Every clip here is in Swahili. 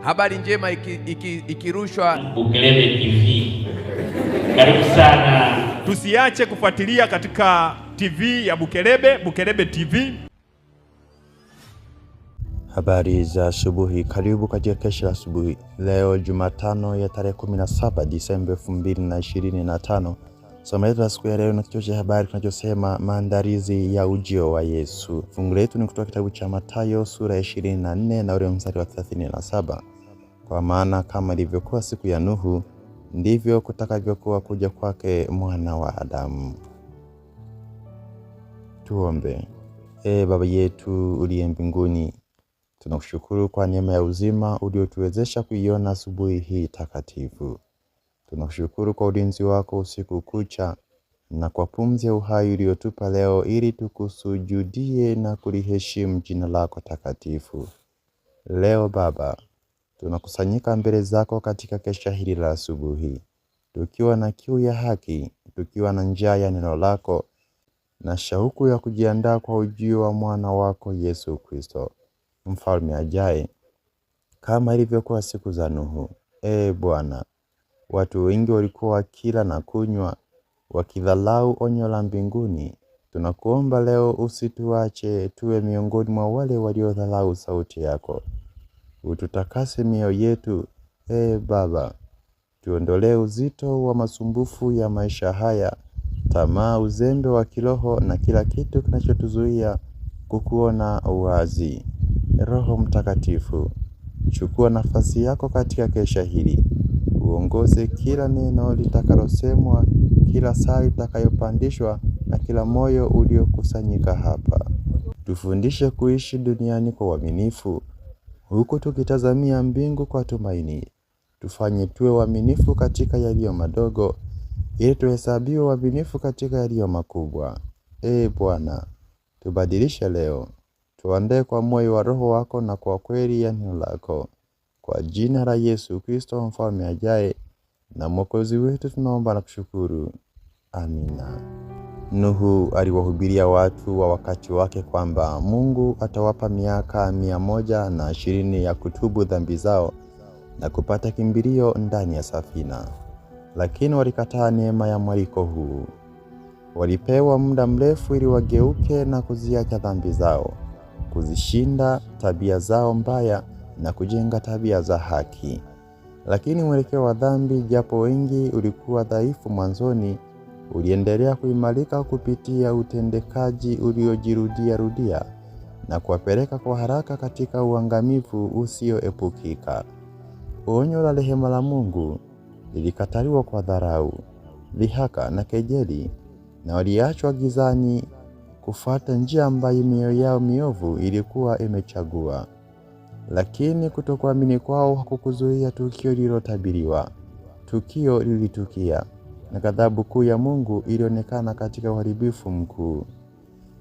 Habari njema ikirushwa iki, iki Bukelebe TV. Karibu sana, tusiache kufuatilia katika TV ya Bukelebe, Bukelebe TV. Habari za asubuhi, karibu katika kesha la asubuhi leo Jumatano ya tarehe 17 Disemba 2025. Somo letu la siku ya leo na kichwa cha habari kinachosema maandalizi ya ujio wa Yesu. Fungu letu ni kutoka kitabu cha Mathayo sura ya 24 na ule mstari wa 37. Kwa maana kama ilivyokuwa siku ya Nuhu, ndivyo kutakavyokuwa kuja kwake mwana wa Adamu. Tuombe. Ee Baba yetu uliye mbinguni, tunakushukuru kwa neema ya uzima uliotuwezesha kuiona asubuhi hii takatifu. Tunakushukuru kwa ulinzi wako usiku kucha na kwa pumzi ya uhai uliotupa leo ili tukusujudie na kuliheshimu jina lako takatifu. Leo Baba Tunakusanyika mbele zako katika kesha hili la asubuhi, tukiwa na kiu ya haki, tukiwa na njaa ya neno lako na shauku ya kujiandaa kwa ujio wa mwana wako Yesu Kristo, mfalme ajaye, kama ilivyokuwa siku za Nuhu. Ee Bwana, watu wengi walikuwa wakila na kunywa, wakidhalau onyo la mbinguni. Tunakuomba leo usituache tuwe miongoni mwa wale waliodhalau sauti yako. Ututakase mioyo yetu, e Baba. Tuondolee uzito wa masumbufu ya maisha haya, tamaa, uzembe wa kiroho na kila kitu kinachotuzuia kukuona wazi. Roho Mtakatifu, chukua nafasi yako katika kesha hili. Uongoze kila neno litakalosemwa, kila sala itakayopandishwa na kila moyo uliokusanyika hapa. Tufundishe kuishi duniani kwa uaminifu, huku tukitazamia mbingu kwa tumaini. Tufanye tuwe waaminifu katika yaliyo madogo, ili tuhesabiwe waaminifu katika yaliyo makubwa. Ee Bwana, tubadilishe leo, tuandae kwa moyo wa Roho wako na kwa kweli ya neno lako. Kwa jina la Yesu Kristo, mfalme ajaye na mwokozi wetu, tunaomba na kushukuru. Amina. Nuhu aliwahubiria watu wa wakati wake kwamba Mungu atawapa miaka mia moja na ishirini ya kutubu dhambi zao na kupata kimbilio ndani ya safina, lakini walikataa neema ya mwaliko huu. Walipewa muda mrefu ili wageuke na kuziacha dhambi zao, kuzishinda tabia zao mbaya na kujenga tabia za haki. Lakini mwelekeo wa dhambi, japo wengi, ulikuwa dhaifu mwanzoni uliendelea kuimarika kupitia utendekaji uliojirudia rudia na kuwapeleka kwa haraka katika uangamivu usioepukika. Onyo la rehema la Mungu lilikataliwa kwa dharau, dhihaka na kejeli, na waliachwa gizani kufuata njia ambayo mioyo yao miovu ilikuwa imechagua. Lakini kutokuamini kwao hakukuzuia tukio lililotabiriwa. Tukio lilitukia na ghadhabu kuu ya Mungu ilionekana katika uharibifu mkuu.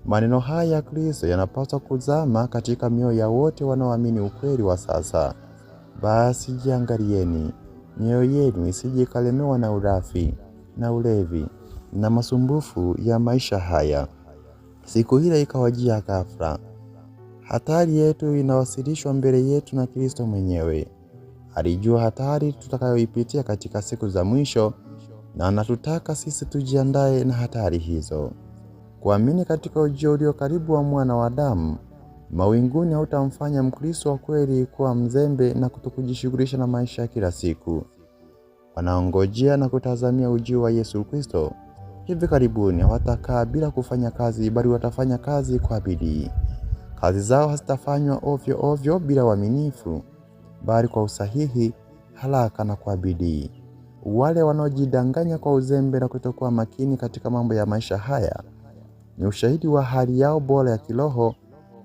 Maneno haya ya Kristo yanapaswa kuzama katika mioyo ya wote wanaoamini ukweli wa sasa. Basi jiangalieni mioyo yenu isije ikalemewa na urafi na ulevi na masumbufu ya maisha haya, siku ile ikawajia ghafla. Hatari yetu inawasilishwa mbele yetu na Kristo mwenyewe. Alijua hatari tutakayoipitia katika siku za mwisho, na anatutaka sisi tujiandae na hatari hizo. Kuamini katika ujio ulio karibu wa mwana wa Adamu mawinguni hautamfanya Mkristo wa kweli kuwa mzembe na kutokujishughulisha na maisha ya kila siku. Wanaongojea na kutazamia ujio wa Yesu Kristo hivi karibuni hawatakaa bila kufanya kazi, bali watafanya kazi kwa bidii. Kazi zao hazitafanywa ovyo ovyo bila uaminifu, bali kwa usahihi, haraka na kwa bidii. Wale wanaojidanganya kwa uzembe na kutokuwa makini katika mambo ya maisha haya ni ushahidi wa hali yao bora ya kiroho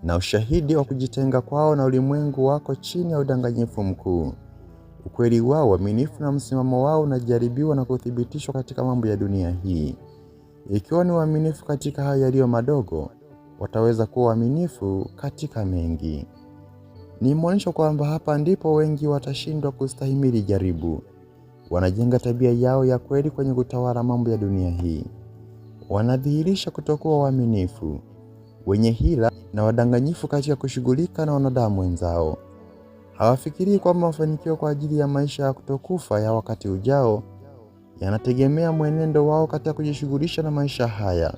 na ushahidi wa kujitenga kwao na ulimwengu wako chini ya udanganyifu mkuu. Ukweli wao, uaminifu na msimamo wao unajaribiwa na kuthibitishwa katika mambo ya dunia hii. Ikiwa ni waaminifu katika hayo yaliyo madogo, wataweza kuwa waaminifu katika mengi. Ni mwonyesho kwamba hapa ndipo wengi watashindwa kustahimili jaribu wanajenga tabia yao ya kweli kwenye kutawala mambo ya dunia hii. Wanadhihirisha kutokuwa waaminifu, wenye hila na wadanganyifu katika kushughulika na wanadamu wenzao. Hawafikirii kwamba mafanikio kwa ajili ya maisha ya kutokufa ya wakati ujao yanategemea mwenendo wao katika kujishughulisha na maisha haya.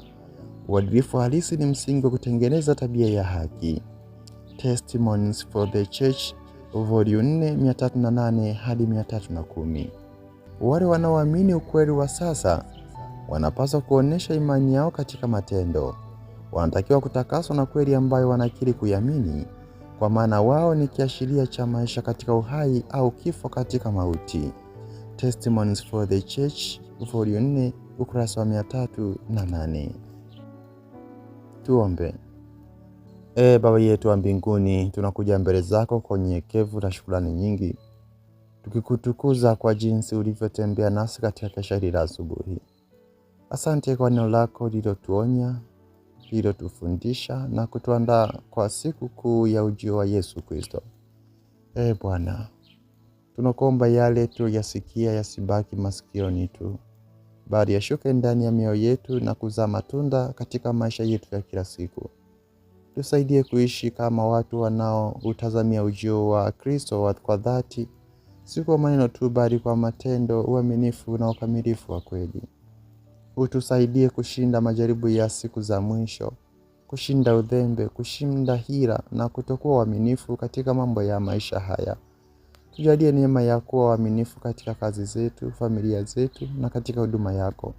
Uadilifu halisi ni msingi wa kutengeneza tabia ya haki. Testimonies for the Church, volume 4, 308 hadi 310. Wale wanaoamini ukweli wa sasa wanapaswa kuonesha imani yao katika matendo. Wanatakiwa kutakaswa na kweli ambayo wanakiri kuiamini, kwa maana wao ni kiashiria cha maisha katika uhai au kifo katika mauti. Testimonies for the Church, volume 4, ukurasa wa 308. Tuombe. Ee Baba yetu wa mbinguni, tunakuja mbele zako kwa unyenyekevu na shukrani nyingi tukikutukuza kwa jinsi ulivyotembea nasi katika kesha hili la asubuhi. Asante kwa neno lako lilotuonya, lililotufundisha na kutuandaa kwa siku kuu ya ujio wa Yesu Kristo. E Bwana, tunakuomba yale tuyasikia yasibaki masikioni tu, bali yashuke ndani ya mioyo yetu na kuzaa matunda katika maisha yetu ya kila siku. Tusaidie kuishi kama watu wanaoutazamia ujio wa Kristo kwa dhati si kwa maneno tu, bali kwa matendo, uaminifu na ukamilifu wa kweli. Utusaidie kushinda majaribu ya siku za mwisho, kushinda udhembe, kushinda hila na kutokuwa uaminifu katika mambo ya maisha haya. Tujalie neema ya kuwa waaminifu katika kazi zetu, familia zetu na katika huduma yako,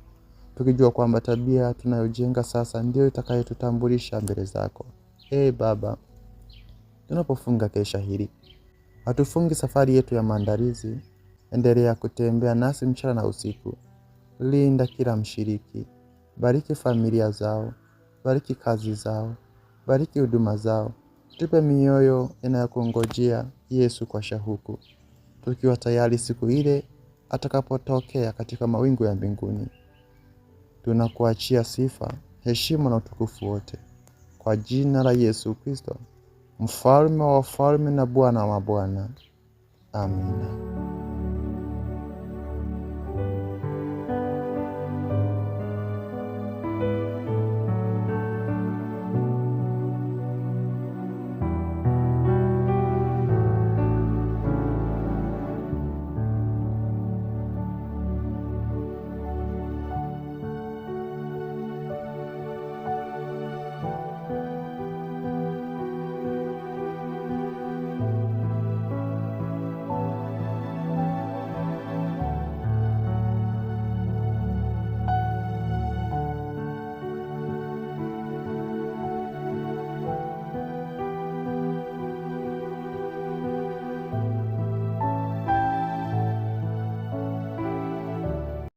tukijua kwamba tabia tunayojenga sasa ndiyo itakayotutambulisha mbele zako. Ee Baba, tunapofunga kesha hili Hatufungi safari yetu ya maandalizi. Endelea kutembea nasi mchana na usiku. Linda kila mshiriki, bariki familia zao, bariki kazi zao, bariki huduma zao. Tupe mioyo inayokungojea Yesu kwa shahuku, tukiwa tayari siku ile atakapotokea katika mawingu ya mbinguni. Tunakuachia sifa, heshima na utukufu wote kwa jina la Yesu Kristo mfalme wa wafalme na Bwana wa mabwana. Amina.